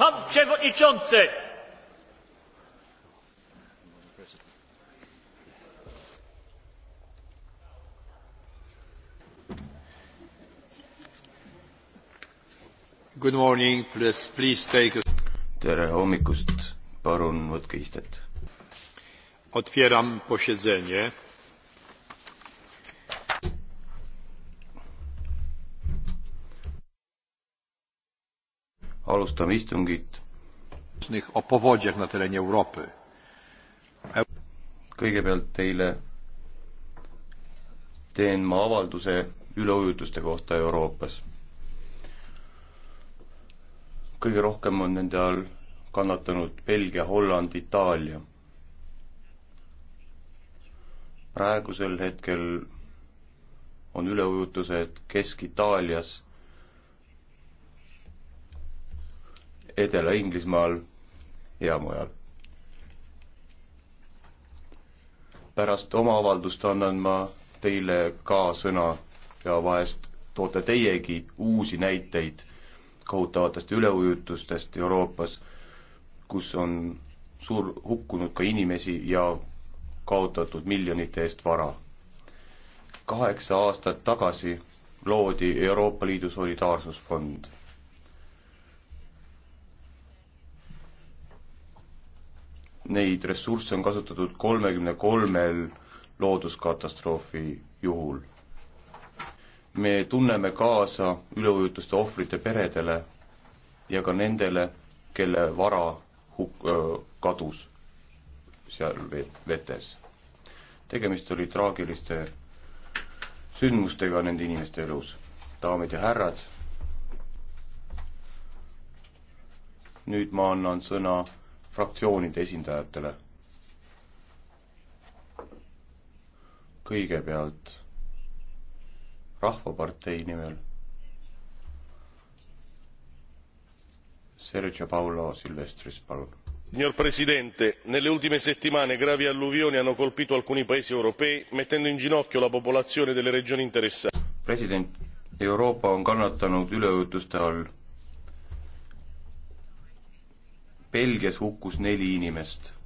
Pan Przewodniczący! Good morning, please, please take a... tere hommikust, palun võtke istet. Otwieram posiedzenie. alustame istungit. kõigepealt teile teen ma avalduse üleujutuste kohta Euroopas. kõige rohkem on nende all kannatanud Belgia, Holland, Itaalia. praegusel hetkel on üleujutused Kesk-Itaalias Edela-Inglismaal ja mujal. pärast oma avaldust annan ma teile ka sõna ja vahest toote teiegi uusi näiteid kohutavatest üleujutustest Euroopas, kus on suur, hukkunud ka inimesi ja kaotatud miljonite eest vara. kaheksa aastat tagasi loodi Euroopa Liidu solidaarsusfond neid ressursse on kasutatud kolmekümne kolmel looduskatastroofi juhul. me tunneme kaasa üleujutuste ohvrite peredele ja ka nendele, kelle vara huk-, kadus seal vetes. tegemist oli traagiliste sündmustega nende inimeste elus. daamid ja härrad, nüüd ma annan sõna fraktsioonide esindajatele. kõigepealt Rahvapartei nimel Sergio Paolo Silvestris, palun. Signor Presidente, nelle ultime settimane gravi alluvioni hanno colpito alcuni paesi europei, mettendo in ginocchio la popolazione delle regioni interessate. president, Euroopa on kannatanud üleujutuste all Belgias hukkus neli inimest.